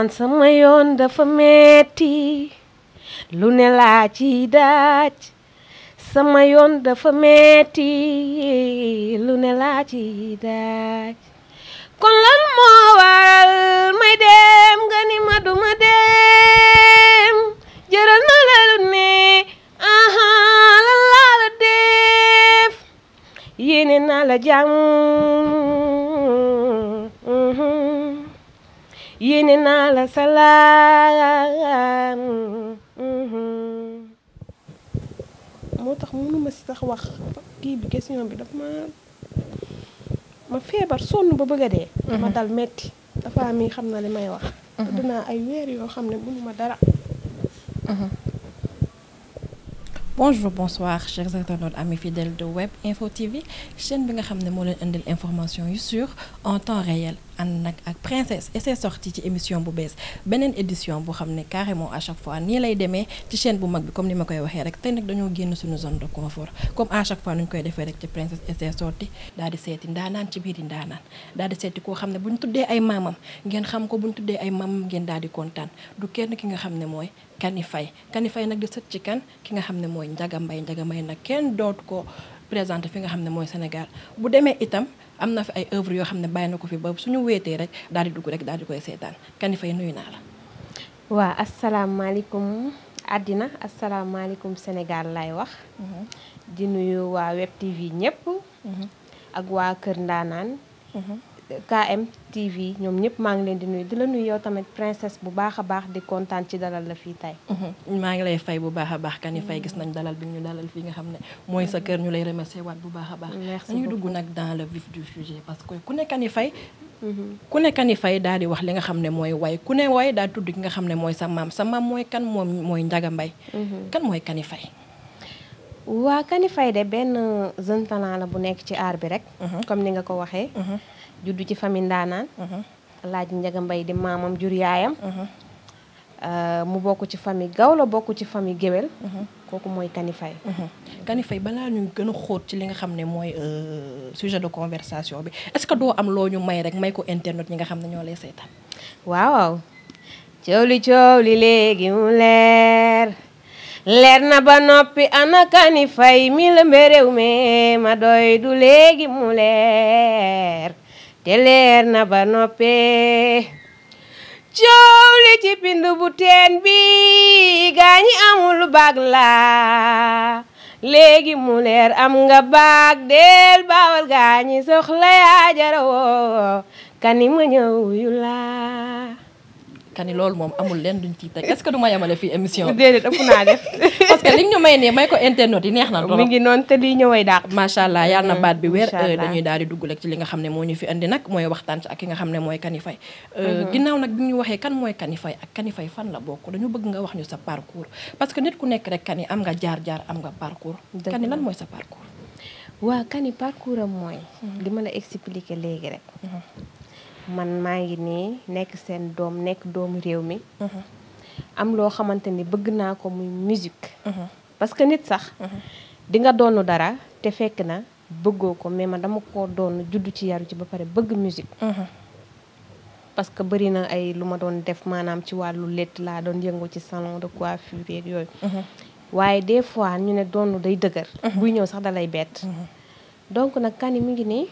man sama yoon dafa metti lu ne laa ci daaj sama yoon dafa metti lu ne laa ci daaj kon lan moo waral may dem nga ma du dem jëral na ne aha lan laa la def yéene naa la salaam mhm. moo tax mënuma si tax wax kii bi gis question bi daf ma ma feebar sonn ba bëgg a dee ma mhm. dal metti dafaa mi xam na li may wax mhm. dinaa ay weer yoo xam ne mënuma dara bonjour bonsoir chers internautes amis fidèles de Web Info TV chaîne bi nga xam ne moo leen indil information yu sûr en temps réel ànd nag ak princesse et ses ci émission bu bees beneen édition boo xam ne carrément à chaque fois nii lay demee ci chaîne bu mag bi comme ni ma koy waxee rek tey nag dañoo génn suñu zone de confort comme à chaque fois nu ñu koy defee rek ci princesse et ses sorties daal di seeti ci biir ndaanaan daal di seeti koo xam ne bu ñu tuddee ay maamam ngeen xam ko bu ñu tuddee ay maamam ngeen daal di kontaan du kenn ki nga xam ne mooy Kani Faye Kani Faye nag di sët ci kan ki nga xam ne mooy Njaga Mbay Njaga Mbay nag kenn dootu ko présenté fi nga xam ne mooy Sénégal bu demee itam am na fi ay œuvre yoo xam ne bàyyi na ko fi ba suñu wéetee rek daal di dugg rek daal di koy seetaan Kani Faye nuyu naa la waaw asalaamaaleykum àddina asalaamaaleykum Sénégal lay wax mhm. di nuyu waa Web TV ñëpp mhm. ak waa Kër Ndaanaan mhm. KM TV ñoom ñëpp maa ngi leen di nuy di la nuyu yow tamit princesse bu baax a baax di kontaan ci dalal la fii tey. Mm-hmm. maa ngi lay fay bu baax a baax kan yi fay gis nañ dalal bi ñu dalal fii nga xam ne mooy sa kër ñu lay remercier waat bu baax a baax. merci dañuy dugg nag dans le vif du sujet parce que ku ne ni yi fay. Mm-hmm. ku ne kan fay daal di wax li nga xam ne mooy way ku ne way daal tudd ki nga xam ne mooy sa maam sa maam mooy kan moom mooy Ndiaga Mbaye. Mm-hmm. kan mooy kan yi fay. waa kan yi fay de benn jeune la bu nekk ci aar bi rek. comme ni ko waxee. juddu ci famille ndaanaan mhm. laaj njaga mbay di maamam jur yaayam mhm. euh, mu bokk ci famille gawlo bokk ci famille géwél mhm. kooku mooy Kani Faye Kani balaa ñu ci li nga xam ne mooy euh, sujet de conversation bi est que doo am loo ñu may rek may ko internet ñi nga xam ne ñoo lay seetaan waaw coow li coow li léegi mu leer leer na ba noppi ana Kani Faye mi la mbéréw me ma doy du léegi mu leer te leer na ba noppee coow ci pind bu teen bi gaañi amul baag laa léegi mu leer am nga baag del baawal gaañi soxla yaa jara woo kani ma laa kani loolu moom amul leen duñ ciy teg est yemale fii émission déedéet ëpp naa def parce que li ñu may ne may ko internet yi neex na trop mi ngi noonu te lii ñëwee daaq macha allah yàlla na mm, baat bi wér eh, dañuy daal di dugg rek ci li nga xam ne moo ñu fi indi nag mooy waxtaan ci ak ki nga xam ne mooy Kany Faye eh, mhm. ginnaaw nag bi ñu waxee kan mooy Kany Faye ak Kany Faye fan la bokk dañu bëgg nga wax ñu sa parcours parce que nit ku nekk rek Kany am nga jaar-jaar am nga parcours Kany lan mooy sa parcours waaw Kany parcours am mooy mhm. li ma la expliqué léegi rek mhm. man maa ngi nii nekk seen doom nekk doomu réew mi mhm. am loo xamante ni bëgg naa ko muy musique mhm. parce que nit sax mhm. di nga doonu dara te fekk na bëggoo ko mais man dama ko doon juddu ci yaru ci ba pare bëgg musique parce que bëri na ay lu ma doon def maanaam ci wàllu létt laa doon yëngu ci salon de coiffure yeeg yooyu waaye des fois ñu ne doonu day dëgër buy ñëw sax dalay bett donc nag Kany mi ngi nii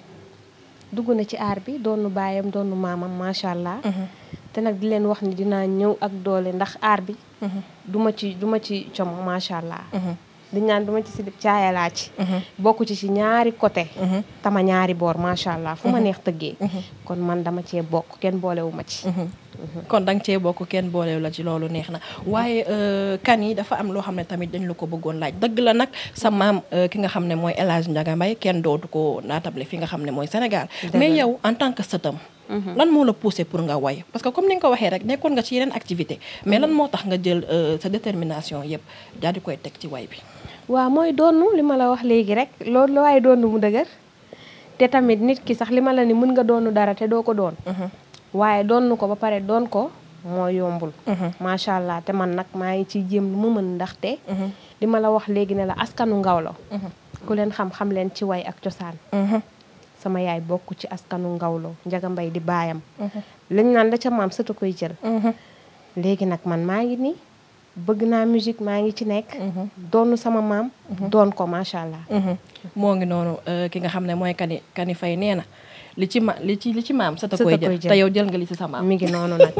dugg na ci aar bi doonu baayam doonu maamam macha allah. Mhm. te nag di leen wax ni dinaa ñëw ak doole ndax aar bi. Mhm. du ma ci duma ci com macha allah. Mhm. di ñaan du ma ci si caaya laa ci. bokku ci ci ñaari côté. tama ñaari boor macha allah fu ma neex tëggee. kon man dama cee bokk kenn boolewuma ci. kon da nga cee bokk kenn boolew la ci loolu neex na waaye euh, kan yi dafa am loo xam ne tamit dañ la ko bëggoon laaj dëgg la nag sa maam euh, ki nga xam ne mooy El Hadj mbay Mbaye kenn dootu ko naatable fi nga xam ne mooy Sénégal mais yow en tant que sëtam mhm. lan moo la poussé pour nga way parce que comme ni nga ko waxee rek nekkoon nga ci yeneen activité mais lan mhm. moo tax nga jël euh, sa détermination yëpp daal di koy teg ci way bi waaw mooy doonu li ma la wax léegi rek loolu la waaye doonu mu dëgër te tamit nit ki sax li ma la ni mën nga doonu dara doo ko doon mhm. waaye doon nu ko ba pare doon ko moo yombul. Mhm. macha allah te man nag maa ngi ci jéem lu ma mën ndaxte. Mhm. li ma la wax léegi ne la askanu ngawlo mhm. ku leen xam xam leen ci way ak cosaan. sama yaay bokk ci askanu ngawlo njaga mbay di baayam. lañ naan la ca maam sëtu jël. léegi nag man maa ngi nii bëgg naa musique maa ngi ci nekk. doonu sama maam. doon ko macha allah. moo ngi noonu euh, ki nga xam ne mooy kani kani fay nee na. li ci ma li ci li ci maam sa ta koy jël te yow jël nga li ci sa maam mi ngi noonu nag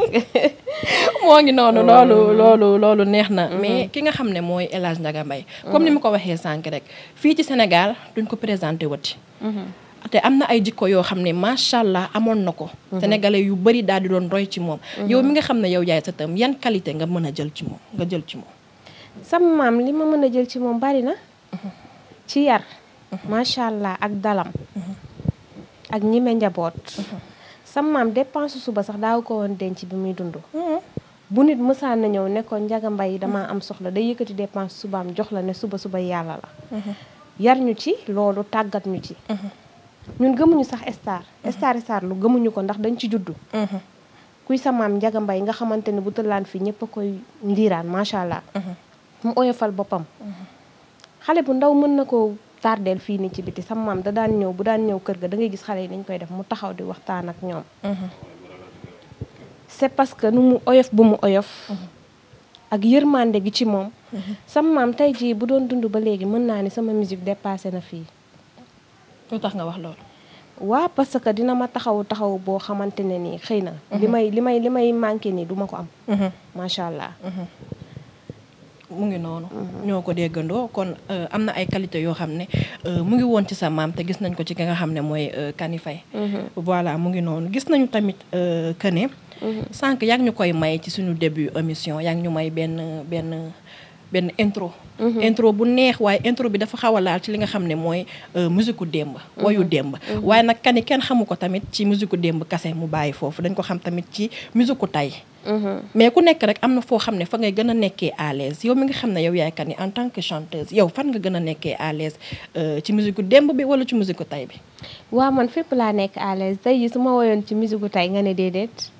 moo ngi noonu loolu loolu neex na mm-hmm. mais ki nga xam ne mooy El Hadj Ndiaga Mbaye mm-hmm. comme ni ma ko waxee sànq rek fii ci Sénégal duñ ko présenté wati mm-hmm. te am na ay jikko yoo xam ne macha allah amoon na ko sénégalais yu bëri daal di doon roy ci moom yow mi nga xam ne yow yaay sa tam yan qualité nga mën a jël ci moom nga jël ci moom sama maam li ma mën a jël ci moom bari na ci yar macha allah ak dalam ak ñime njaboot. sama maam dépense suba sax daaw ko woon denc bi muy dund. Mm-hmm. bu nit mësaan na ñëw nekkoon ko njaga mbay damaa am soxla day yëkkati dépense subaam jox la ne suba suba yàlla la. Mm-hmm. yar ñu ci loolu tàggat ñu ci. Mm-hmm. ñun gëmuñu sax star. star star lu gëmuñu ko ndax dañ ci juddu. kuy samaam maam njaga mbay nga xamante ne bu tëllaan fii ñëpp a koy ndiiraan macha allah. mu oyofal boppam. xale bu ndaw mën na ko tardeel fii nii ci biti sama maam da daan ñëw bu daan ñëw kër ga dangay ngay gis xale yi dañ koy def mu taxaw di waxtaan ak ñoom mm-hmm. c'est parce que nu mu oyof bu mu oyof mm-hmm. ak yërmande gi ci moom mm-hmm. sama maam tey jii bu doon dund ba léegi mën naa ni sama musique dépassé na fii lu tax nga wax loolu waa parce que dina ma taxaw taxaw boo xamante ne nii xëy na li may li may li may manqué nii duma ko am macha allah mu ngi noonu. ñoo ko déggandoo kon euh, am na ay qualité yoo xam ne euh, mu ngi woon ci sa maam te gis nañ ko ci ki nga xam ne mooy euh, Kany fay mm-hmm. voilà mu ngi noonu gis nañu tamit que ne. Mm-hmm. sànq yaa ñu koy may ci suñu début émission yaa ñu may benn benn. benn intro. Mhm. intro bu neex waaye intro bi dafa xaw a laal ci li nga xam ne mooy euh, musiku démb. Mhm. woyu démb. Mhm. waaye nag kani kenn xamu ko tamit ci musiku démb kase mu bàyyi foofu dañ ko xam tamit ci musiku tay mais ku nekk rek am na foo xam ne fa ngay gën a nekkee à l'aise yow mi nga xam ne yow yaay kani en tant que chanteuse yow fan nga gën a nekkee à euh, ci musiku démb bi wala ci musiku tay bi. waaw man fépp laa nekk à l'aise tey jii su ma woyoon ci musiku tay nga ne déedéet.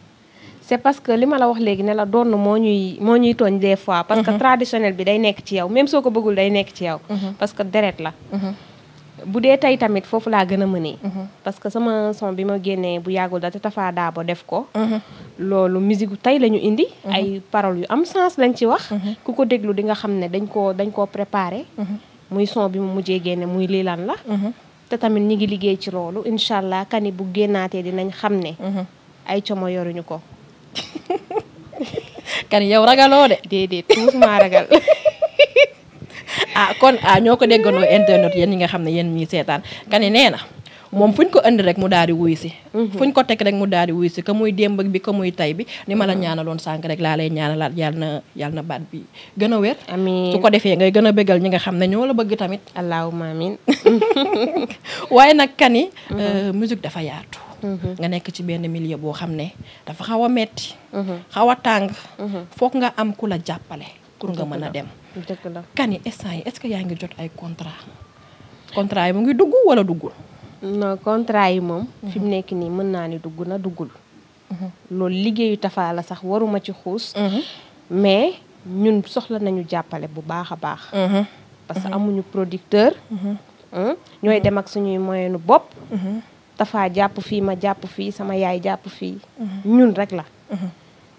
c'est parce que li ma la wax léegi ne la doon moo ñuy moo ñuy tooñ des fois. parce que mhm. traditionnel bi day nekk ci yow même soo ko bëggul day nekk ci yow. Mhm. parce que deret la. Mhm. bu dee tey tamit foofu laa gën a mënee. parce que sama son bi ma génnee bu yàggul da te tafaa daabo def ko. loolu musique gu tey la ñu indi. ay parole yu am sens lañ ci wax. ku ko déglu di nga xam ne dañ koo dañ koo préparé. muy son bi mu mujjee génne muy liilaan la. te tamit ñi ngi liggéey ci loolu incha allah kani bu génnaatee dinañ xam ne. ay como yoruñu ko. kan yow ragaloo de. déedéet tuuti ragal. ah kon ah ñoo ko déggandoo internet yéen ñi nga xam ne yéen ñii seetaan kani nee na moom fu ñu ko indi rek mu daal di wuy si mhm. fu ko teg rek mu daal di wuy si que muy démb bi ko muy tay bi ni ma la mhm. ñaanaloon sànq rek laa lay ñaanalaat yàlla na yàlla na baat bi gën a wér amiin su ko defee ngay gën a bëggal ñi nga xam ne ñoo la bëgg tamit allahumma amiin waaye nag kani mhm. euh, musique dafa yaatu Mm-hmm. nga nekk ci benn milieu boo xam ne dafa xaw a metti mm-hmm. xaw a tàng mm-hmm. foog nga am ku la jàppale pour nga mën a dem Kany instant yi est-ce que yaa ngi jot ay contrat contrat yi mu ngi dugg wala duggul non contrat yi moom fi mu nekk nii mën naa ni dugg na duggul loolu liggéeyu tafaa la sax waruma ci xuus mais ñun soxla nañu jàppale bu baax a baax parce que amuñu producteur ñooy dem ak suñuy moyenu bopp dafa jàpp fii ma jàpp fii sama yaay jàpp fii. Mhm. ñun rek la. Mhm.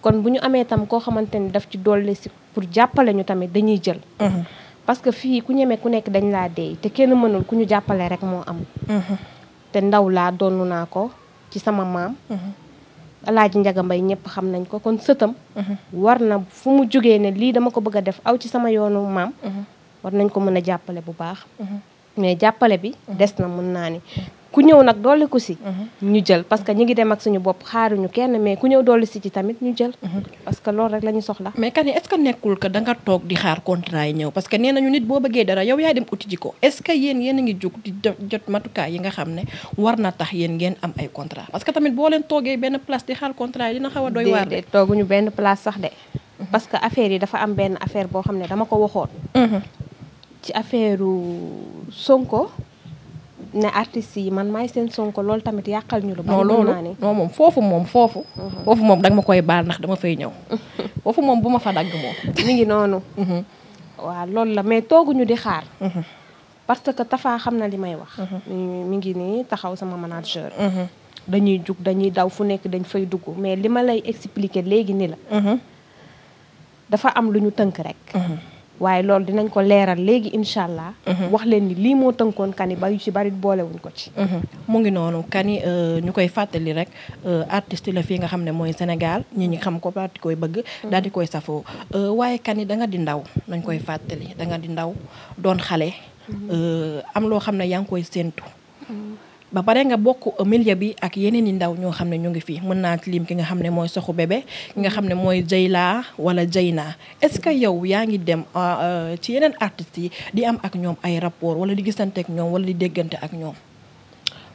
kon bu ñu amee tam koo xamante ni daf ci dolli si pour jàppale ñu tamit dañuy jël. Mhm. parce que fii ku ñeme ku nekk dañ laa dee te kenn mënul ku ñu jàppale rek moo am. te ndaw laa donnu naa ko ci sama maam. alaaji njaga mbay ñëpp xam nañ ko kon sëtam war na fu mu jógee ne lii dama ko bëgg a def aw ci sama yoonu maam war nañ ko mën a jàppale bu baax mais jàppale bi des na mën naa ni ku ñëw nag dolli ku si mhm. ñu jël parce que ñu ngi dem ak suñu bopp xaaruñu kenn mais ku ñëw dolli si ci tamit ñu jël mhm. parce que loolu rek la ñu soxla mais kan est-ce que nekkul que da nga toog di xaar contrat yi parce que nee nañu nit boo bëggee dara yow yaay dem uti ji ko est-ce a ngi nga xam ne war na tax yéen ngeen am ay contrat parce que tamit boo leen toogee benn place di xaar contrat yi dina xaw a doy waar de tooguñu benn place sax de mhm. parce que affaire yi dafa am benn affaire boo xam ne dama ko waxoon ci affaire Sonko ne artistes yi man maay seen sonko loolu tamit yàqal ñu lu. non loolu non moom foofu moom foofu. Mhm. foofu moom danga ma koy baal ndax dama fay ñëw. foofu moom bu ma fa dagg moom. mi ngi noonu. Mhm. waaw loolu la mais tooguñu di xaar. Mhm. parce que Tafa xam na li may wax. mi ngi nii taxaw sama manager. dañuy jug dañuy daw fu nekk dañ fay dugg mais li ma lay expliquer léegi nii la. dafa am lu ñu tënk rek. waaye loolu dinañ ko leeral léegi incha allah. Mhm. wax leen ni lii moo tënkoon kani ba yu ci bari boolewuñ ko ci. Mhm. mu ngi noonu kani euh, ñu koy fàttali rek euh, artiste la fii nga xam ne mooy Sénégal ñi ñi xam ko daal di koy bëgg. Mhm. daal di koy safoo euh, waaye kani danga di ndaw nañ koy fàttali danga di ndaw doon xale. am loo xam ne yaa ngi koy séentu. ba pare nga bokk milieu bi ak yeneen i ndaw ñoo xam ne ñu ngi fii mën naa lim ki nga xam ne mooy soxu bébé ki nga xam ne mooy Jayla wala Jayna est-ce que yow yaa ngi dem euh, euh, ci yeneen artistes yi di am ak ñoom ay rapport wala di gisante ak ñoom wala di déggante ak ñoom.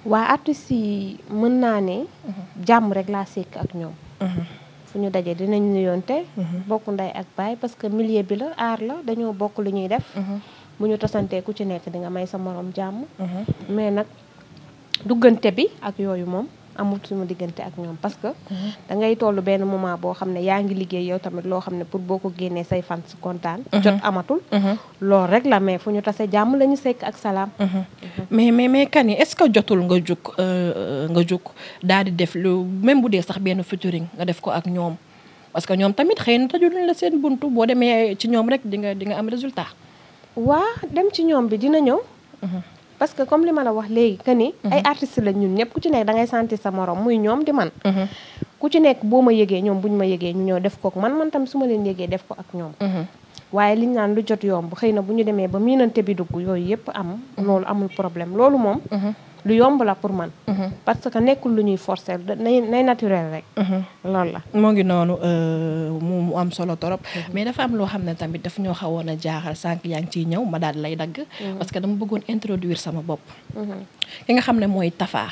waa artistes yi mën naa ne. Mhm. jàmm rek laa sekk ak ñoom. Mhm. fu ñu dajee dinañ nuyoonte. Mhm. bokk ndey ak baay parce que milieu bi la aar la dañoo bokk lu ñuy def. bu ñu tasantee ku ci nekk di nga may sa moroom jàmm. mais duggante bi ak yooyu moom amul suñu diggante ak ñoom parce que mhm. da ngay toll benn moment boo xam ne yaa ngi liggéey yow tamit loo xam ne pour boo ko génnee say fans kontaan mhm. jot amatul mhm. loolu rek la mais fu ñu tase jàmm lañu sekk ak salaam mais mais mais Kany est-ce que jotul nga jug euh, euh, nga jug daal di def lu même bu dee sax benn featuring nga def ko ak ñoom parce que ñoom tamit xëy na tajuluñ la seen buntu boo demee ci ñoom rek di nga di am résultat waa dem ci ñoom bi dina ñëw parce que comme li ma la wax léegi que ni. ay mhm. artistes lañ ñun ku ci nekk da ngay sentir sa morom muy ñoom di man. Mhm. ku ci nekk boo ma yëgee ñoom bu ñu ma yëgee ñu ñëw def ko ak man man tam su ma leen yëgee def ko ak ñoom. Mhm. waaye liñ naan lu jot yomb xëy na bu ñu demee ba miinante bi dugg yooyu yëpp am. loolu amul problème loolu moom. lu yomb la pour man. Mhm. parce que nekkul lu ñuy forcer nay nay naturel rek. Mhm. loolu la moo ngi noonu euh, mu am solo torop mhm. mais dafa am loo xam ne tamit daf ñoo xawoon a jaaxal sànq yaa ngi ciy ñëw ma daal lay dagg. parce que dama bëggoon introduir sama bopp. ki nga xam ne mooy Tafa.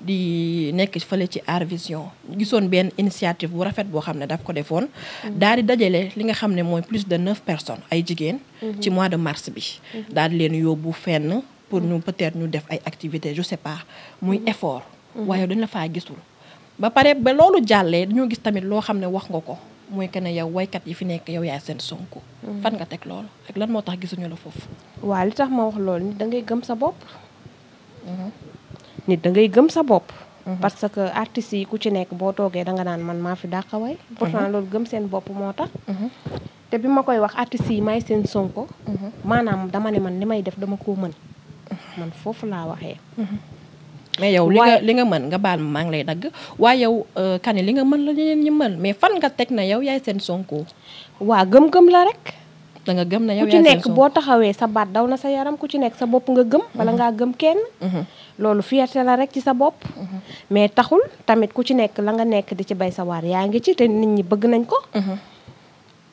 di nekk fële ci Art Vision gisoon benn initiative bu rafet boo xam ne daf ko defoon daal di dajale li nga xam ne mooy plus de neuf personnes ay jigéen ci mois de mars bi daal di leen yóbbu fenn pour ñu peut ñu def ay activités je sais pas muy mm-hmm. effort. Mm-hmm. waaye dañ la faa gisul. ba pare ba loolu jàllee dañoo gis tamit loo xam ne wax nga ko mooy que ne yow waykat yi fi nekk yow yaay seen sonko. Mm-hmm. fan nga teg loolu ak lan moo tax gisuñu la foofu. waaw li tax ma wax loolu nit da ngay gëm sa bopp. nit da ngay gëm sa bopp. parce que artistes yi ku ci nekk boo toogee da nga naan man maa fi dàqaway. pourtant loolu gëm seen bopp moo tax. te bi ma koy wax artistes yi may seen sonko. maanaam dama ne man li may def dama koo mën. man foofu laa waxee. mais yow li nga li nga mën nga baal ma maa ngi lay dagg waaye yow euh, Kane li nga mën la ñeneen ñi mën mais fan nga teg na yow yaay seen sonko. waa gëm-gëm la rek. danga gëm na yow yaay seen ku ci nekk boo taxawee sa baat daw na sa yaram ku ci nekk sa bopp nga gëm. wala mhm. ngaa gëm kenn. Mhm. loolu fierté la rek ci sa bopp. Mhm. mais taxul tamit ku ci nekk la nga nekk di ci bay sa waar yaa ngi ci te nit ñi bëgg nañ ko.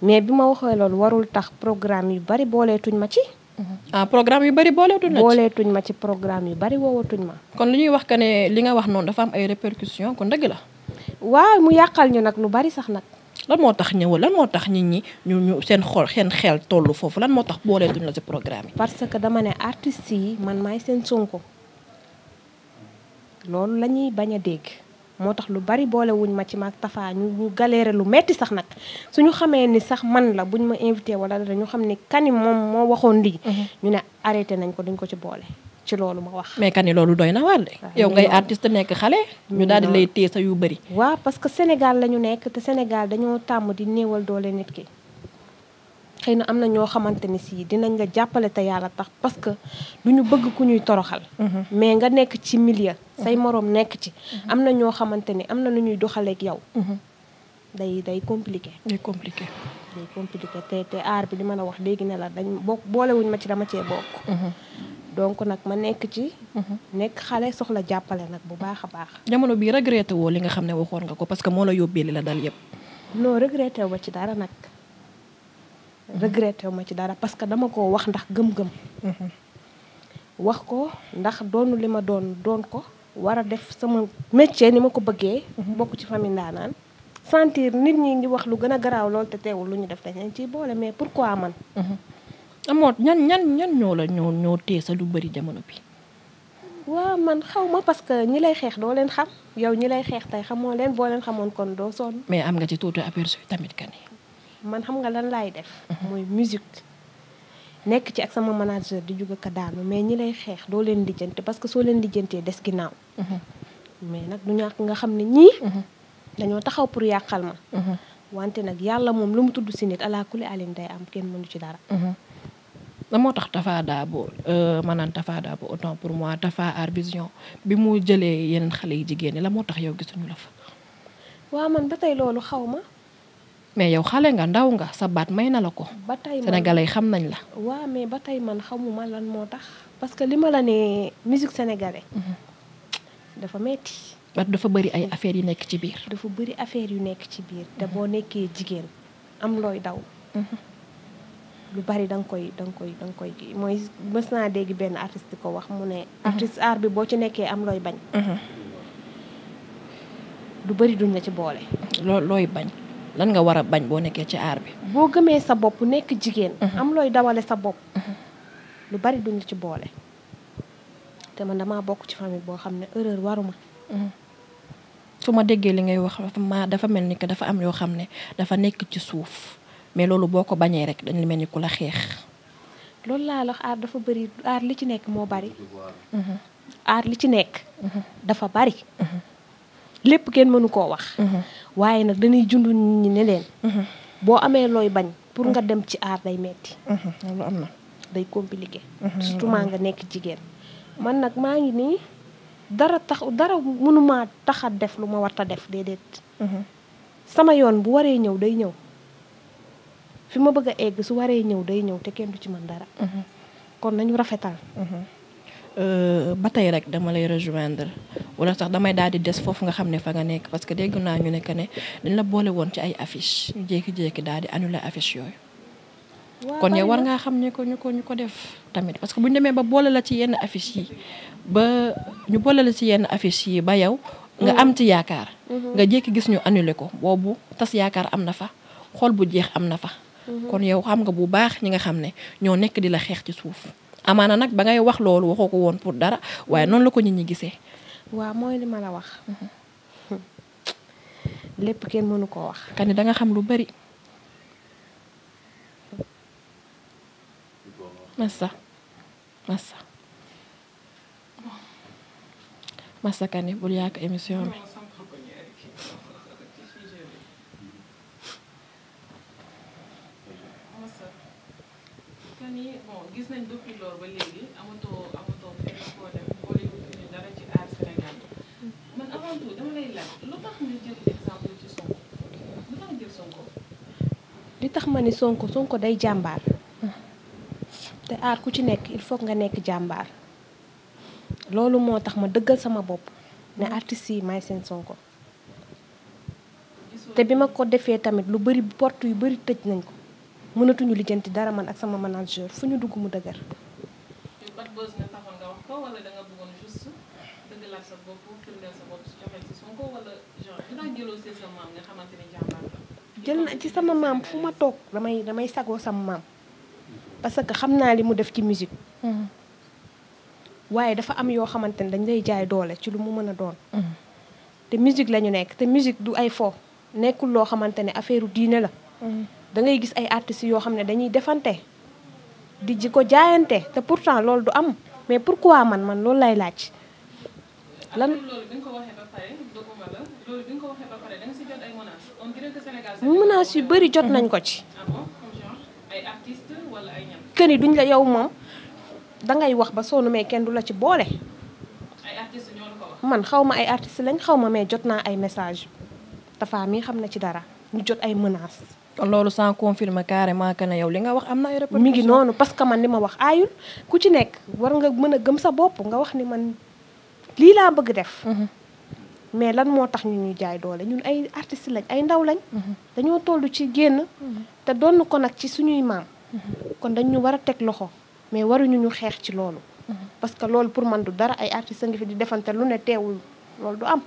mais bi ma waxee loolu warul tax programme yu bari booleetuñ ma ci. ah programme yu bari booleetuñ la booleetuñ ma ci programme yu bari woowatuñ ma. kon li ñuy wax que ne li nga wax noonu dafa am ay répercussions ko dëgg la. waaw mu yàqal ñu nag lu bari sax nag. lan moo tax ñëw lan moo tax nit ñi ñu ñu seen xol seen xel tollu foofu lan moo tax booleetuñ la ci programme yi. parce que dama ne artistes yi man maay seen sonko loolu la ñuy bañ a dégg. moo tax lu bari boole wuñ ma ci maag Tafa ñu galeere lu metti sax nag su ñu xamee ni sax man la bu ñu ma invité wala dara ñu xam ni kani moom moo waxoon lii. Mhm. ñu ne arrêté nañ ko duñ ko ci boole. ci loolu ma wax. mais kani loolu doy na waar de. yow ngay artiste nekk xale. ñu daal mm-hmm. lay téye sa yu bëri. waaw parce que Sénégal la nekk te Sénégal dañoo tàmm di néewal doole nit ki. xëy na am na ñoo xamante ni si dinañ la jàppale te yàlla tax parce que du ñu bëgg ku ñuy toroxal. Mhm. mais nga nekk ci milieu. Mhm. say moroom nekk ci. Mhm. am na ñoo xamante ni am na nu ñuy doxaleek yow. day day compliqué. day compliqué. day compliqué te te aar bi li ma a wax léegi ne la dañ bokk boolewuñ ma ci dama cee bokk. donc nag ma nekk ci. nekk xale soxla jàppale nag bu baax a baax. jamono bii regretté woo li nga xam ne waxoon nga ko parce que moo la yóbbee li la dal yëpp. non regretté wu ba ci dara nag. regretté wu ma ci dara parce que dama ko wax ndax gëm-gëm. wax ko ndax doonu li ma doon doon ko war a def sama métier ni ma ko bëggee. bokk ci famille ndaanaan sentir nit ñi ngi wax lu gën a garaaw lool te teewul lu ñu def dañ leen ci boole mais pourquoi man. amoo ñan ñan ñan ñoo la ñoo ñoo tee sa lu bëri jamono bi. waaw man xaw ma parce que ñi lay xeex doo leen xam yow ñi lay xeex tey xamoo leen boo leen xamoon kon doo sonn. mais am nga ci tuuti aperçu tamit kan. man xam nga lan laay def. Mhm. mooy musique. nekk ci ak sama manager di jóg ak daanu mais ñi lay xeex doo leen lijjante parce que soo leen lijjantee des ginnaaw. Mhm. mais nag du ñàkk nga xam ne ñii. Mhm. dañoo taxaw pour yàqal ma. wante nag yàlla moom lu mu tudd si nit ala kulli alim day am kenn mënu ci dara. la moo tax Tafa Dabo euh, maanaam Tafa Dabo autant pour moi Tafa Art Vision bi mu jëlee yeneen xale yi jigéen ñi la moo tax yow gisuñu la fa. waaw man ba tey loolu xaw mais yow xale nga ndaw nga sa baat may na la ko. ba tey sénégalais xam nañ la. waa mais ba tey man xamuma lan moo tax. parce que li ma la ne musique sénégalais. Mhm. dafa metti ba dafa bëri ay affaires yu nekk ci biir. dafa bëri affaire yu nekk ci biir. te mhm. boo nekkee jigéen am looy daw. Mhm. lu bari da koy da koy da nga koy mooy mës naa dégg benn artiste ko wax mu ne. artiste art bi boo ci nekkee am looy bañ. du bëri duñ la ci boole. loo looy bañ. lan nga war a bañ boo nekkee ci aar bi. boo gëmee sa bopp nekk jigéen. Mhm. am looy dawale sa bopp. Mhm. lu bari duñ ci boole. te man dama bokk ci famille boo xam ne erreur waruma. Mhm. su ma déggee li ngay wax ma dafa mel ni que dafa am yoo xam ne dafa nekk ci suuf mais loolu boo ko bañee rek dañ li mel ni ku la xeex. loolu laa la aar dafa bari aar li ci nekk moo bari. aar li ci nekk. dafa bari. lépp kenn mënu koo wax. Mhm. waaye nag dañuy jund ñi ne leen. Mhm. boo amee looy bañ pour nga mhm. dem ci aar day metti loolu am na day compliqué. surtout maa nga nekk jigéen. man nag maa ngi nii dara tax dara mënuma tax a def lu ma war a def déedéet. sama yoon bu waree ñëw day ñëw fi ma bëgg a egg su waree ñëw day ñëw te kenn du ci mën dara. kon nañu rafetal. Euh, ba tey rek dama lay rejoindre. wala sax damay daal di des foofu nga xam ne fa nga nekk parce que dégg naa ñu ne que ne dañ la boole woon ci ay affiche ñu jékki-jékki daal di annulé affiche yooyu. kon yow war ngaa xam ñu ko ñu ko ñu ko def tamit parce que bu demee ba boole la ci yenn affiche yi ba ñu boole la yenn affiche yi ba yow. nga am mm. ci yaakaar. Mm-hmm. nga jékki gis ñu annulé ko boobu tas yaakaar am na fa xol bu jeex am na fa. Mm-hmm. kon yow xam nga bu baax ñi nga xam ne ñoo nekk di la xeex ci suuf. amaana nag ba ngay wax loolu waxoo ko woon pour dara waaye noonu la ko nit ñi gisee. waaw mooy li ma la wax lépp kenn mënu koo wax. kani danga xam lu bari. massa massa massa kani bul yàq émission bi. gis nañ avant dama li tax ma ni Sonko Sonko day jàmbaar te aar ku ci nekk il faut nga nekk jàmbaar loolu moo tax ma dëggal sama bopp ne artistes yi may seen Sonko. te bi ma ko defee tamit lu bari port yu bari tëj nañ ko mënatuñu lijjanti dara man ak sama manager fu ñu dugg mu dëgër. firndeelaat jël na ci sama maam fu ma toog damay damay sagoo sama maam parce que xam naa li mu def ci musique mhm. waaye dafa am yoo xamante ne dañ lay jaay doole ci lu mu mën a doon mhm. te musique la ñu nekk te musique du ay fo nekkul loo xamante ne affaire diine la mhm. da ngay gis ay artistes yoo xam ne dañuy defante di ji ko jaayante te pourtant loolu du am mais pourquoi man man loolu lay laaj lan loolu ko waxee yu bëri jot nañ ko ci. ah bon duñ la yow moom dangay wax ba sonn may kenn du la ci boole. man xaw ma ay artistes lañ xaw ma mais jot naa ay messages Tafa mi xam na ci dara ñu jot ay menaces. loolu sans confirmer carrément que ne yow li nga wax am na ay répercussions. mi ngi noonu parce que man li ma wax aayul ku ci nekk war nga mën a gëm sa bopp nga wax ni man. lii laa bëgg def mhm. mais lan moo tax ñu ñuy jaay doole ñun ay artistes lañ ay ndaw lañ mhm. dañoo toll ci génn mhm. te doon ko nag ci suñuy maam kon dañ ñu war a teg loxo mais waruñu ñu xeex ci loolu parce que loolu pour man du dara ay artistes ngi fi di defante lu ne teewul loolu du am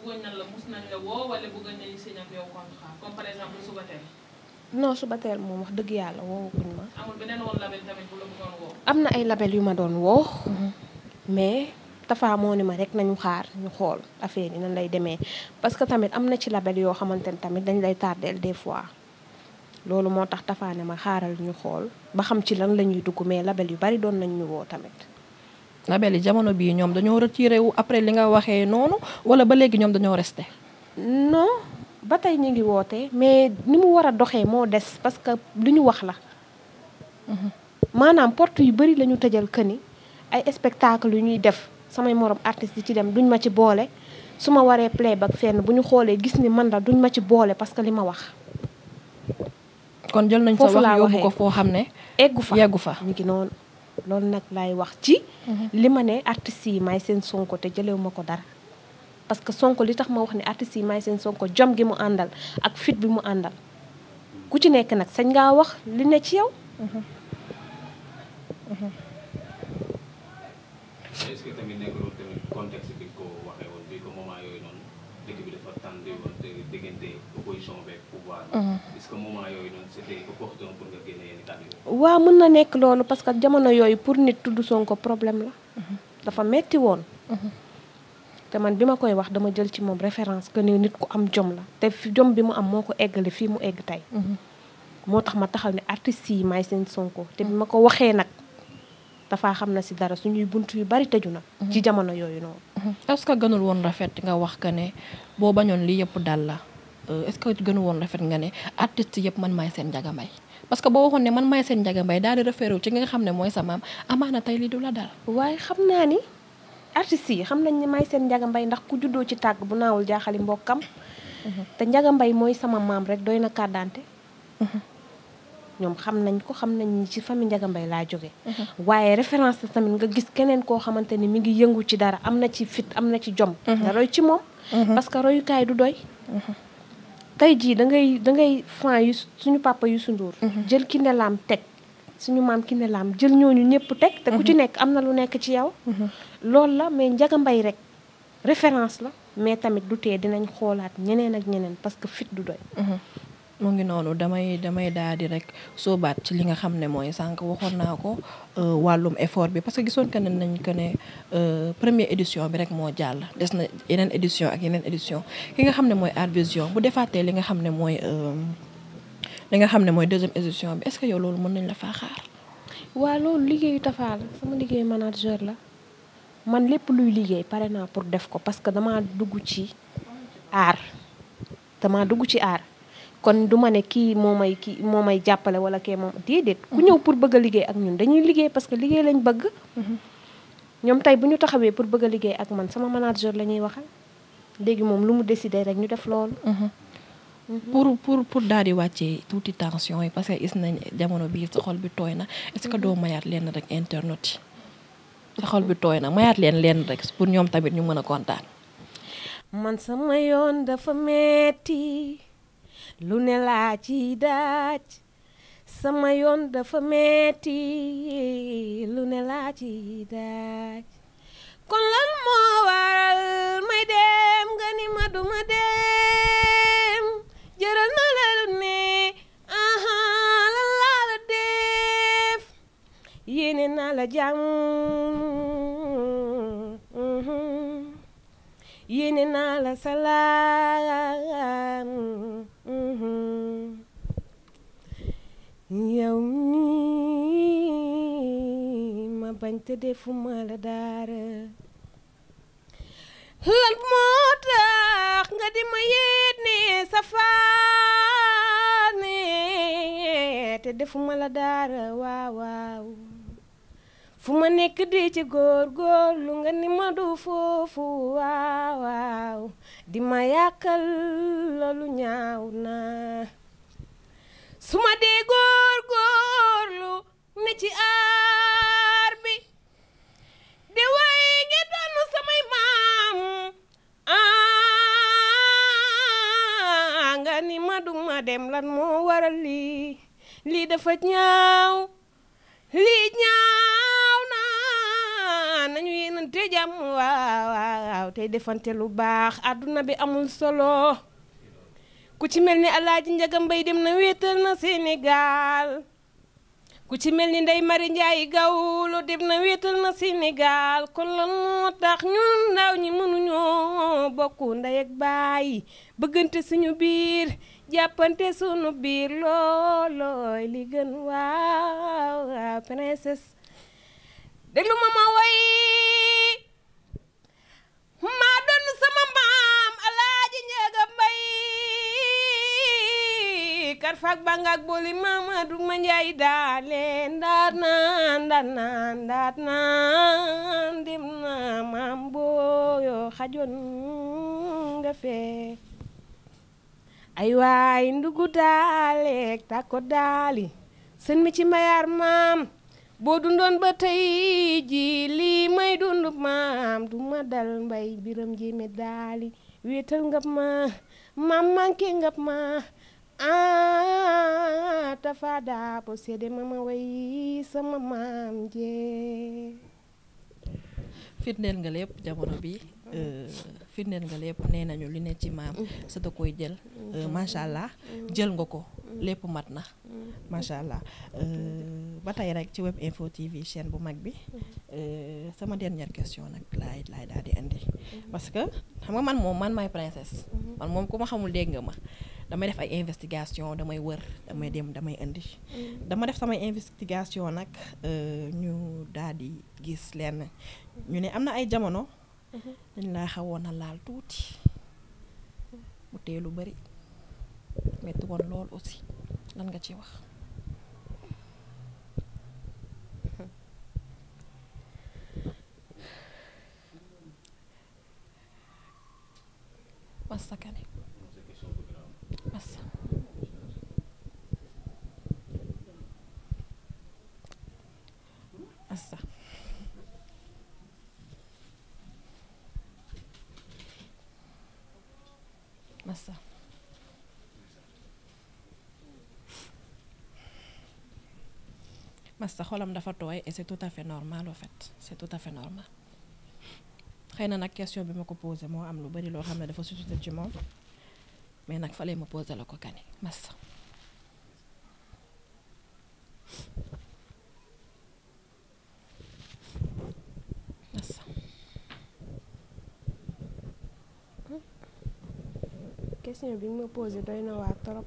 bëggoon nañ la suba teel. moom wax dëgg yàlla woowaguñ ma. amul beneen woon label tamit bu la bëggoon na ay label yu ma doon woo. mais Tafa moo ne ma rek nañu xaar ñu xool affaire yi nan lay demee parce que tamit am na ci label yoo xamante ne tamit dañ lay tardeel des fois. loolu moo tax Tafa ne ma xaaral ñu xool ba xam ci lan la ñuy dugg mais label yu bari doon nañ ñu woo tamit. label yi jamono bii ñoom dañoo retiré wu après li nga waxee noonu wala ba léegi ñoom dañoo resté. non ba tey ñu ngi woote mais ni mu war a doxee moo des parce que li ñu wax la. Mhm. maanaam porte yu bëri la ñu tëjal këni ay spectacle yu ñuy def samay morom artistes yi ci dem duñ ma ci boole su ma waree playback fenn bu ñu xoolee gis ni man la duñ ma ci boole parce que li ma wax. kon jël nañ sa wax yóbbu ko foo xam ne. eggu fa yeggu fa ñu ngi noonu loolu nag laay wax ci. Mm-hmm. li ma ne artistes yi maay seen sonko te jëlewuma ko dara parce que sonko li tax ma wax ne artistes yi may seen sonko jom gi mu àndal ak fit bi mu àndal ku ci nekk nag sañ ngaa wax li ne ci yow mm-hmm. Mm-hmm. opposition avec pouvoir. Mhm. mën na nekk loolu parce que jamono yooyu pour nit tudd Sonko problème la. Mhm. dafa metti woon. Mhm. te man bi ma koy wax dama jël ci moom référence que ni nit ku am jom la te jom bi mu am moo ko eggale fii mu egg tey. moo tax ma taxaw ne artistes yi maay seen Sonko te bi ma ko waxee nag dafa xam na si dara suñuy bunt yu bari tëju na. ci jamono yooyu noonu. est-ce que gënul woon rafet nga wax que ne boo bañoon lii yëpp dal la. Euh, est-ce que gënu woon rafet nga ne artiste yëpp man maay seen njagambay parce que boo waxoon ne man maay seen njagambay daal di référé ci nga xam ne mooy sa maam amaana tey lii du la dal. waaye xam naa ni artistes yi xam nañ ne maay seen njagambay ndax ku juddoo ci tàgg bu naawul jaaxali mbokkam. Mhm. te njagambay mooy sama maam rek doy na kàddaante. Mhm. ñoom xam nañ ko xam nañ ni ci famille njagambay laa jóge mhm. waaye référence la tamit nga gis keneen koo xamante ni mi ngi yëngu ci dara am na ci fit am na ci jom. nga roy ci moom. parce que royukaay du doy. tey jii da ngay da ngay fan yu suñu papa Youssou Ndour mhm. jël ki ne teg suñu maam ki ne laam jël ñooñu ñëpp teg te ku ci mhm. nekk am na lu nekk ci yow mhm. lool la may Njaga Mbay rek référence la mais tamit du tee dinañ xoolaat ñeneen ak ñeneen parce que fit du doy mu ngi noonu damay damay daal di rek soobaat ci li nga xam ne mooy sànq waxoon naa ko euh, wàllum effort bi parce que gisoon que ne nañ que ne première édition bi rek moo jàll des na yeneen édition ak yeneen édition ki nga xam ne mooy Art Vision bu defaatee li nga xam ne mooy euh, li nga xam ne mooy deuxième édition bi est-ce que yow loolu mën nañ la faa xaar. waa loolu liggéeyu Tapha la sama liggéey manager la man lépp luy liggéey pare naa pour def ko parce que dama dugg ci aar damaa dugg ci aar kon du ma ne kii moo may kii moo may jàppale wala kee moom déedéet ku ñëw pour bëgg a liggéey ak ñun dañuy liggéey parce que liggéey lañ bëgg ñoom tey bu ñu taxawee pour bëgg a ak man sama manager la ñuy waxal léegi moom lu mu décidé rek ñu def loolu pour pour pour daal di wàccee tuuti tension yi parce que gis nañ jamono bii sa bi tooy na est que doo mayaat leen rek internet yi sa bi tooy na mayaat leen leen rek pour ñoom tamit ñu mën a kontaan man sama yoon dafa metti lu ne laa ci daaj sama yoon dafa metti lu ne laa ci daaj kon lan moo waral may dem nga ni ma du ma dem jëral la lu ne aha lan laa la def yéene naa la jàmm mhm. yéene naa la salaam yow nii ma bañ te defuma la daara lan moo tax nga di ma yéet safaane te defuma la daara waaw waaw fu ma nekk di ci góorgóorlu nga ni ma du foofu waaw waaw di ma yàkkal loolu ñaaw na su ma dee góorgóorlu ne ci aar bi de way nge doonu samay maam nga ni ma du ma dem lan moo waral lii lii dafa ñaaw lii ñaaw na nañu yéenante jàmm waaw waaw tey defante lu baax àdduna bi amul solo ku ci mel ni alaaji njaga mbay dem na wéetal na Sénégal ku ci mel ni ndey mari njaay gawlo dem na wéetal na Sénégal kon lan moo tax ñun ndaw ñi mënuñoo bokku ndey ak baay bëggante suñu biir jàppante suñu biir loolooy li gën waaw waaw princesse déglu ma ma woy maa doon sama mbaam kar fak bangak boli mama dug njaay daale ndaat naan ndaat naan ndaat naan maam booyo xajoon nga fee ay ndugu daaleek takko daali sën mi ci mbayaar maam boo dundoon ba tey ji lii may dund maam du dal mbay biram jéeme daali wéetal ngab ma maam manqué ngab ma ah tafa daa bo seede mama way sama maam jee firndeel nga lépp jamono bi eh, firndeel nga lépp nee nañu li ne ci maam mm. sa da koy jël eh, macha allah jël nga ko lépp mat na. Mm-hmm. macha allah euh, ba tey rek ci web info TV chaîne bu mag bi mm-hmm. euh, sama dernière question nag laay laay daal di andi. Mm-hmm. parce que xam nga man moom man maay princesse. man moom ku ma xamul dégg nga ma. damay def ay investigation damay wër damay dem damay indi. dama def samay investigation nag euh, ñu daal di gis lenn ñu ne am na ay jamono. dañ laa xawoon a laal tuuti. mu tee lu bari. metti woon lool aussi lan nga ci wax. Massa Kane Massa. parce que xolam dafa tooy et c'est tout à fait normal en fait c'est tout à fait normal xëy na nag question bi ma ko posé moo am lu bari loo xam ne dafa suscité ci moom mais nag fale ma posé la ko Kani Massa. Hmm? question bi ma posé doy na waa trop.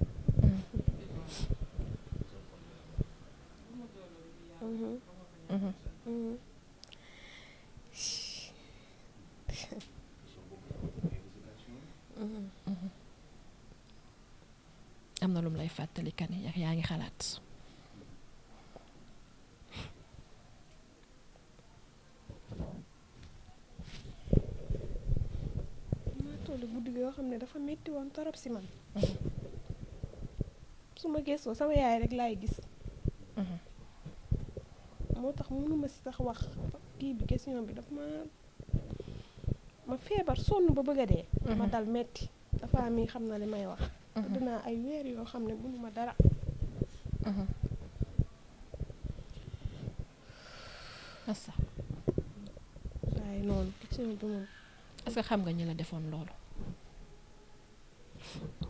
tollu guddi gi yoo xam ne dafa metti woon torop si man mhm. su ma gëstoo sama yaay rek laay gis mhm. moo tax mënuma si sax wax kii bi question bi dafa ma ma feebar sonn ba bëgg a dee mhm. ma metti dafa mi xam na li may wax tëdd naa ay weer yoo xam ne mënuma dara waaye noonu question bi moom est que xam nga ñu la defoon loolu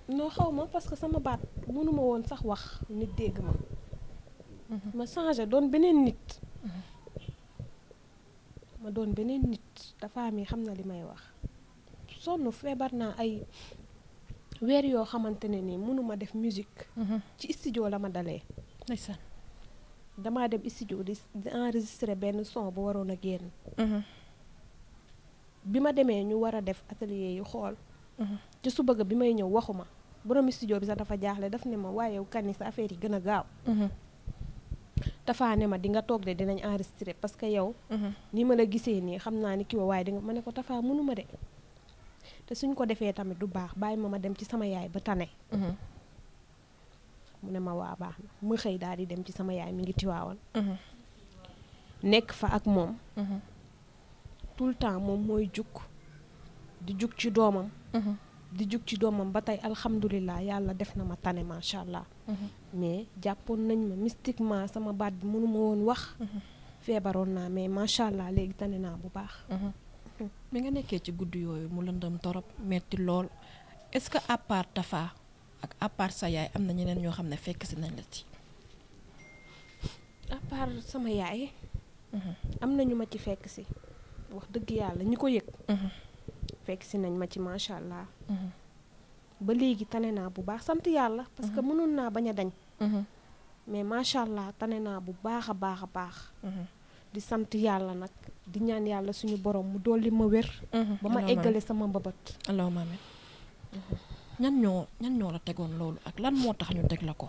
non xaw ma parce que sama baat mënuma woon sax wax nit dégg ma mhm. ma changé doon beneen nit mhm. ma doon beneen nit dafa am xam na li may wax sonn feebar naa ay weer yoo xamante ne ni mënuma def musique mhm. ci studio la ma dalee ndeysaan damaa dem studio di enregistré benn son bu waroon a génn bi ma demee ñu war a def atelier yu xool ci su bëgg bi may ñëw waxuma borom studio bi sax dafa jaaxle daf ne ma waaye Kani sa affaire yi gën a gaaw. Mhm. tafaa ne ma di nga toog de dinañ enregistré parce que yow. Mhm. ni ma la gisee nii xam naa ni kii waaye di nga ma ne ko tafaa mënuma de. te suñ ko defee tamit du baax bàyyi ma ma dem ci sama yaay ba tane. Mhm. mu ne ma waa baax na mu xëy daal di dem ci sama yaay mi ngi tiwaawan. nekk fa ak moom. tout le temps moom mooy jug di jug ci doomam. di jug ci doomam ba tey alhamdulilah yàlla def na ma tane macha allah. mais jàppoon nañ ma mystiquement sama baat bi mënuma woon wax. feebaroon naa mais macha allah léegi tane naa bu baax. mu nga nekkee ci guddi yooyu mu lëndëm torop metti lool est-ce que à part ak à sa yaay am na ñeneen ñoo xam ne fekk si nañ la ci. à sama yaay. am na ñu ma ci fekk si. wax dëgg yàlla ñi ko yëg. fekk si nañ ma ci macha allah. Mhm. ba léegi tane naa bu baax sant yàlla. parce que mhm. mënoon naa bañ a dañ. Mhm. mais macha allah tane naa bu baax a baax a baax. di sant yàlla nag di ñaan yàlla suñu borom mu dolli ma wér. ba ma eggale sama mbëbët allahumma amiin ñan ñoo ñan ñoo la tegoon loolu ak lan moo tax ñu teg la ko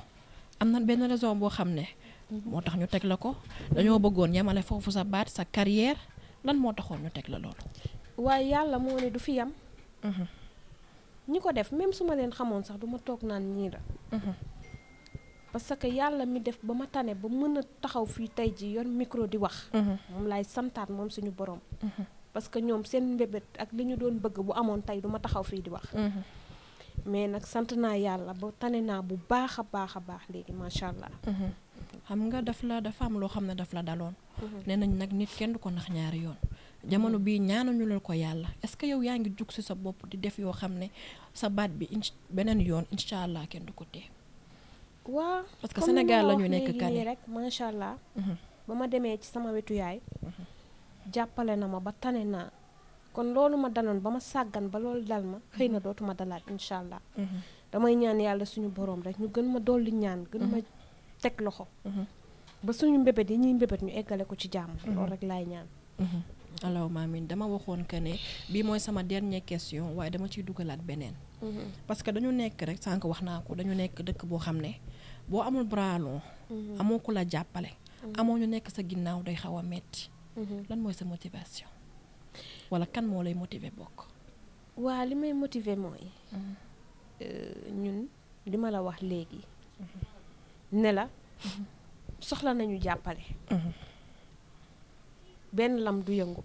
am na benn raison boo xam ne. moo tax ñu teg la ko dañoo bëggoon yemale foofu sa baat sa carrière lan moo taxoon ñu teg la loolu. waaye yàlla moo ne du fi yam mhm. ñi ko def même su ma leen xamoon sax duma toog naan ñii la mhm. parce que yàlla mi def ba ma tane ba mën a taxaw fii tey ji yoon micro di wax mhm. moom laay santaat moom suñu borom parce que ñoom seen mbébét ak li ñu doon bëgg bu amoon tey du ma taxaw fii di wax mais nag sant naa yàlla ba tane naa bu baax a baax a baax léegi macha allah. xam nga daf la dafa am loo xam ne daf la daloon nee nañ nag nit kenn du ko nax ñaari yoon jamono bii ñaana ñu la ko yàlla est-ce que yow yaa ngi jug si sa bopp di def yoo xam ne sa baat bi inch beneen yoon incha allah kenn du ko tee. waaw parce que Sénégal la nekk kan rek macha allah. Mhm. ba ma demee ci sama wetu yaay. Mhm. jàppale na ma ba tane naa. kon loolu ma daloon ba ma sàggan ba loolu dal ma xëy na mhm. dootuma dalaat incha allah. damay ñaan yàlla suñu borom rek ñu gën ma dolli ñaan. gën ma teg loxo. ba suñu mbébét yi ñuy mbébét ñu eggale ko ci jàmm. loolu rek laay ñaan. allahumma amiin dama waxoon que ne bii mooy sama dernière question waaye dama ciy dugalaat beneen. Mhm. parce que dañu nekk rek sànq wax naa ko dañu nekk dëkk boo xam ne boo amul bras long. Mhm. amoo ku la jàppale. Mhm. amoo ñu nekk sa ginnaaw day xaw a metti. lan mooy sa motivation. wala kan moo lay motiver bokk. waa li may motiver mooy. Euh, ñun li ma la wax léegi. ne la soxla nañu jàppale. benn lam du yëngu.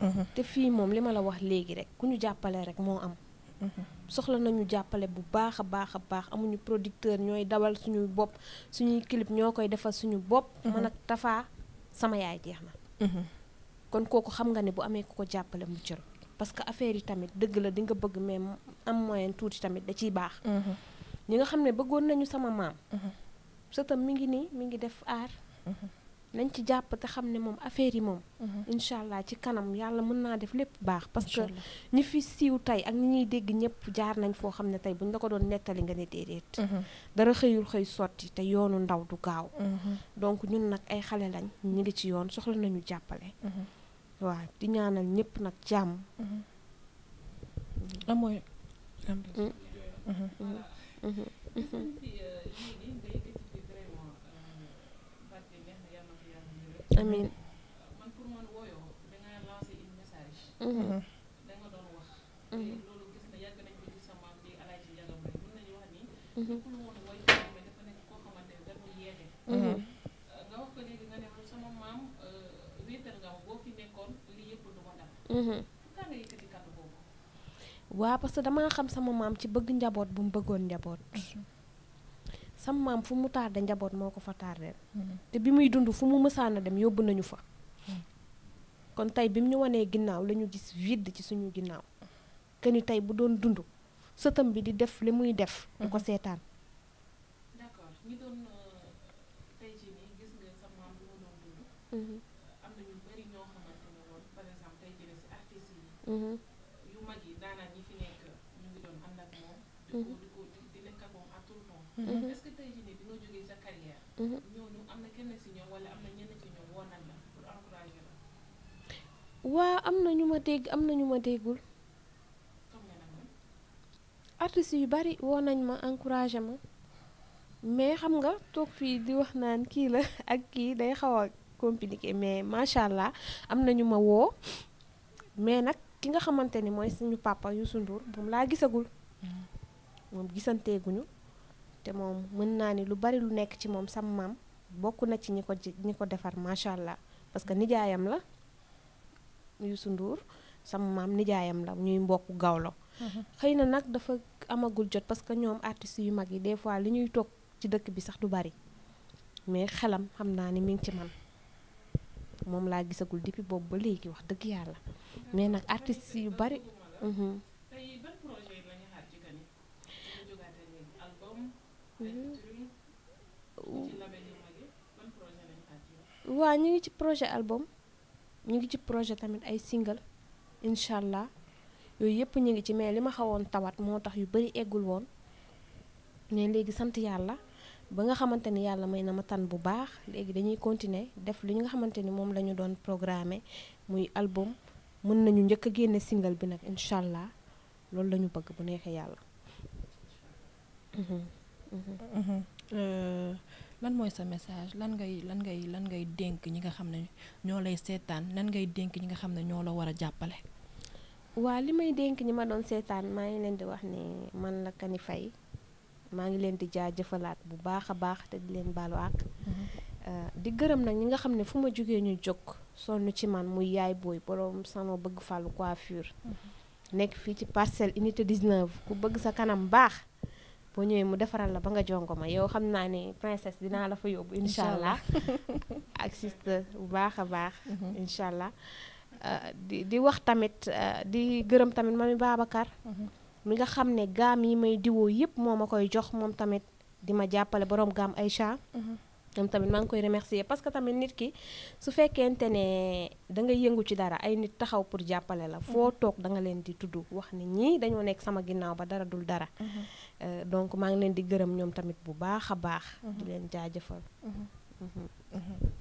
Mhm. te fii moom li ma la wax léegi rek ku ñu jàppale rek moo am. Mhm. soxla nañu jàppale bu baax a baax a baax amuñu producteur ñooy dawal suñuy bopp suñuy clip ñoo koy defal suñu bopp. Mhm. man ak Tafa sama yaay jeex na. kon kooku xam nga ne bu amee ku ko jàppale mu cër parce que affaire yi tamit dëgg la di nga bëgg mais am moyen tuuti tamit da ciy baax. ñi nga xam ne bëggoon nañu sama maam. sëtam mi ngi nii mi ngi def aar. nañ ci jàpp te xam ne moom affaire yi moom. Mhm. incha allah ci kanam yàlla mën naa def lépp baax. parce que ñi fi siiw tey ak ñi ñuy dégg ñëpp jaar nañ foo xam ne tey buñ la ko doon nettali nga ne déedéet. Mhm. dara xëyul xëy sotti te yoonu ndaw du gaaw. Mhm. donc ñun nag ay xale lañ ñu ngi ci yoon soxla nañu jàppale. waa di ñaanal ñëpp nag jàmm. Mm-hmm. amoo. Ah, mm-hmm. mm-hmm. amiin man que damaa xam sama maam ci bëgg njaboot bu mu bëggoon njaboot mhm. sama maam fu mu tardé njaboot moo ko fa tardé mm-hmm. te bi muy dund fu mu mësaan a dem yóbbu nañu fa mm-hmm. kon tey bi mu ñu wanee ginnaaw la ñu gis vide ci suñu ginnaaw que ni tey bu doon dund sëtam bi di def li muy def du ko mm-hmm. seetaan am na kenn si am na waa am na ñu ma dégg am na ñu ma déggul. artistes yu bari woo nañ ma encouragé ma mais xam nga toog fii di wax naan kii la ak kii day xaw a compliqué mais macha allah am na ñu ma woo mais nag ki nga xamante ni mooy suñu papa Youssou Ndour moom laa gisagul mm. moom gisanteeguñu. te moom mën naa ni lu bari lu nekk ci moom sama maam bokk na ci ñi ko ñi ko defar macha allah parce que nijaayam la Youssou Ndour sama maam nijaayam la ñuy mbokku gawlo mhm. xëy na nag dafa amagul jot parce que ñoom artistes yu mag yi des fois li ñuy toog ci dëkk bi sax du bari mais xelam xam naa ni mi ngi ci man moom laa gisagul depuis boobu ba léegi wax dëgg yàlla mais nag artistes yu bari. Mhm. Mmh. waa ñu ngi ci projet album ñu ngi ci projet tamit ay single incha allah yooyu yëpp ñu ngi ci mais li ma xawoon tawat moo tax yu bari eggul woon mais léegi sant yàlla ba nga xamante ni yàlla may na ma tan bu baax léegi dañuy continuer def li nga xamante ni moom la ñu doon programmé muy album mën nañu njëkk a génne single bi nag incha allah loolu la bëgg bu neexee yàlla. Mmh. Euh, lan mooy sa message lan ngay lan ngay lan ngay dénk ñi nga xam ne ñoo lay seetaan lan ngay dénk ñi nga xam ne ñoo la war a jàppale. waa li may dénk ñi ma doon seetaan maa ngi leen di wax ne man la Kany fay maa ngi leen di jëfalaat bu baax a baax te di leen baalu àq. Mm-hmm. Euh, di gërëm nag ñi nga xam ne fu ma jógee ñu jóg sonn ci man muy yaay booy borom salon bëgg fàllu coiffure. Mm-hmm. nekk fii ci parcelle unité 19 ku bëgg sa kanam baax. boo ñëwee mu defaral la ba nga jongo ma yow xam naa ni princesse dinaa la fa yóbbu incha allah ak sister bu baax a baax mhm. incha allah euh, di wax tamit euh, di gërëm tamit ma mami Babacar mhm. mi nga xam ne gaam yi may diwoo yëpp moo ma koy jox moom tamit di ma jàppale borom gaam Aïcha mhm. moom tamit maa ngi koy remercier parce que tamit nit ki su fekkente ne da nga yëngu ci dara ay nit taxaw pour jàppale la foo toog da nga leen di tudd wax ne ñii dañoo nekk sama ginnaaw ba dara dul dara Euh, donc maa ngi leen di gërëm ñoom tamit bu baax a baax. Mm-hmm. di leen jaajëfal. Mm-hmm. Mm-hmm.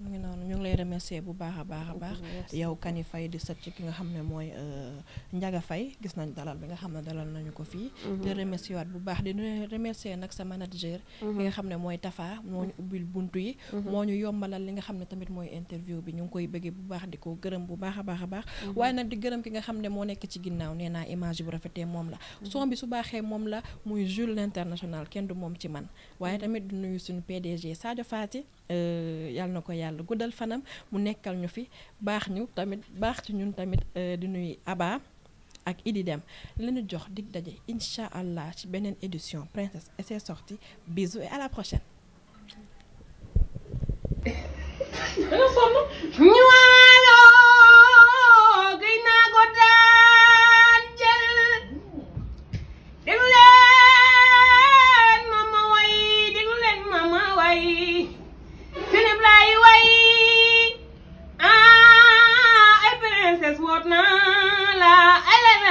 mu ngi noonu ñu ngi lay remercier bu baax a baax a yow Kani fay di sët ki nga xam ne mooy euh, Ndiaga fay gis nañ dalal bi nga xam ne dalal nañu ko fii mhm. di remercier bu baax di remercier nag sa manager mhm. ki nga xam ne mooy Tafa moo ñu ubbil buntu yi mhm. moo ñu yombalal li nga xam ne tamit mooy interview bi ñu ngi koy bëggee bu baax di ko gërëm bu baax a baax a baax waaye nag di gërëm ki nga xam ne moo nekk ci ginnaaw nee naa image bu rafetee moom la son bi su baaxee moom la muy Jules l'international kenn du moom ci man waaye tamit nuyu suñu PDG Sadio Fati Euh, yàlla na ko yàlla guddal fanam mu nekkal ñu fi baax ñu tamit baax ci ñun tamit euh, di nuy Aba ak Idi Dem lañu jox dig daje incha allah ci beneen édition princesse et ses sorties bisous à la prochaine. is what na la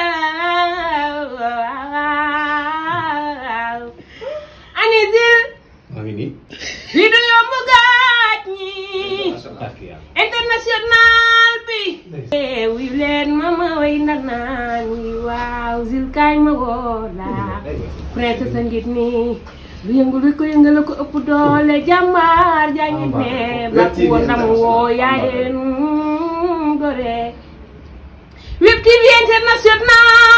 eh, ani zil amini lido yo mu gaaj ñi international bi eh, wi leen mama way ndax naan yi waaw zil kaay ma woo la presse sa ngit ni lu yëngu lu ko yëngal la ko ëpp doole jàmbaar jaa ngi ne bàkk woon na mu woo yaayeen gore Web TV International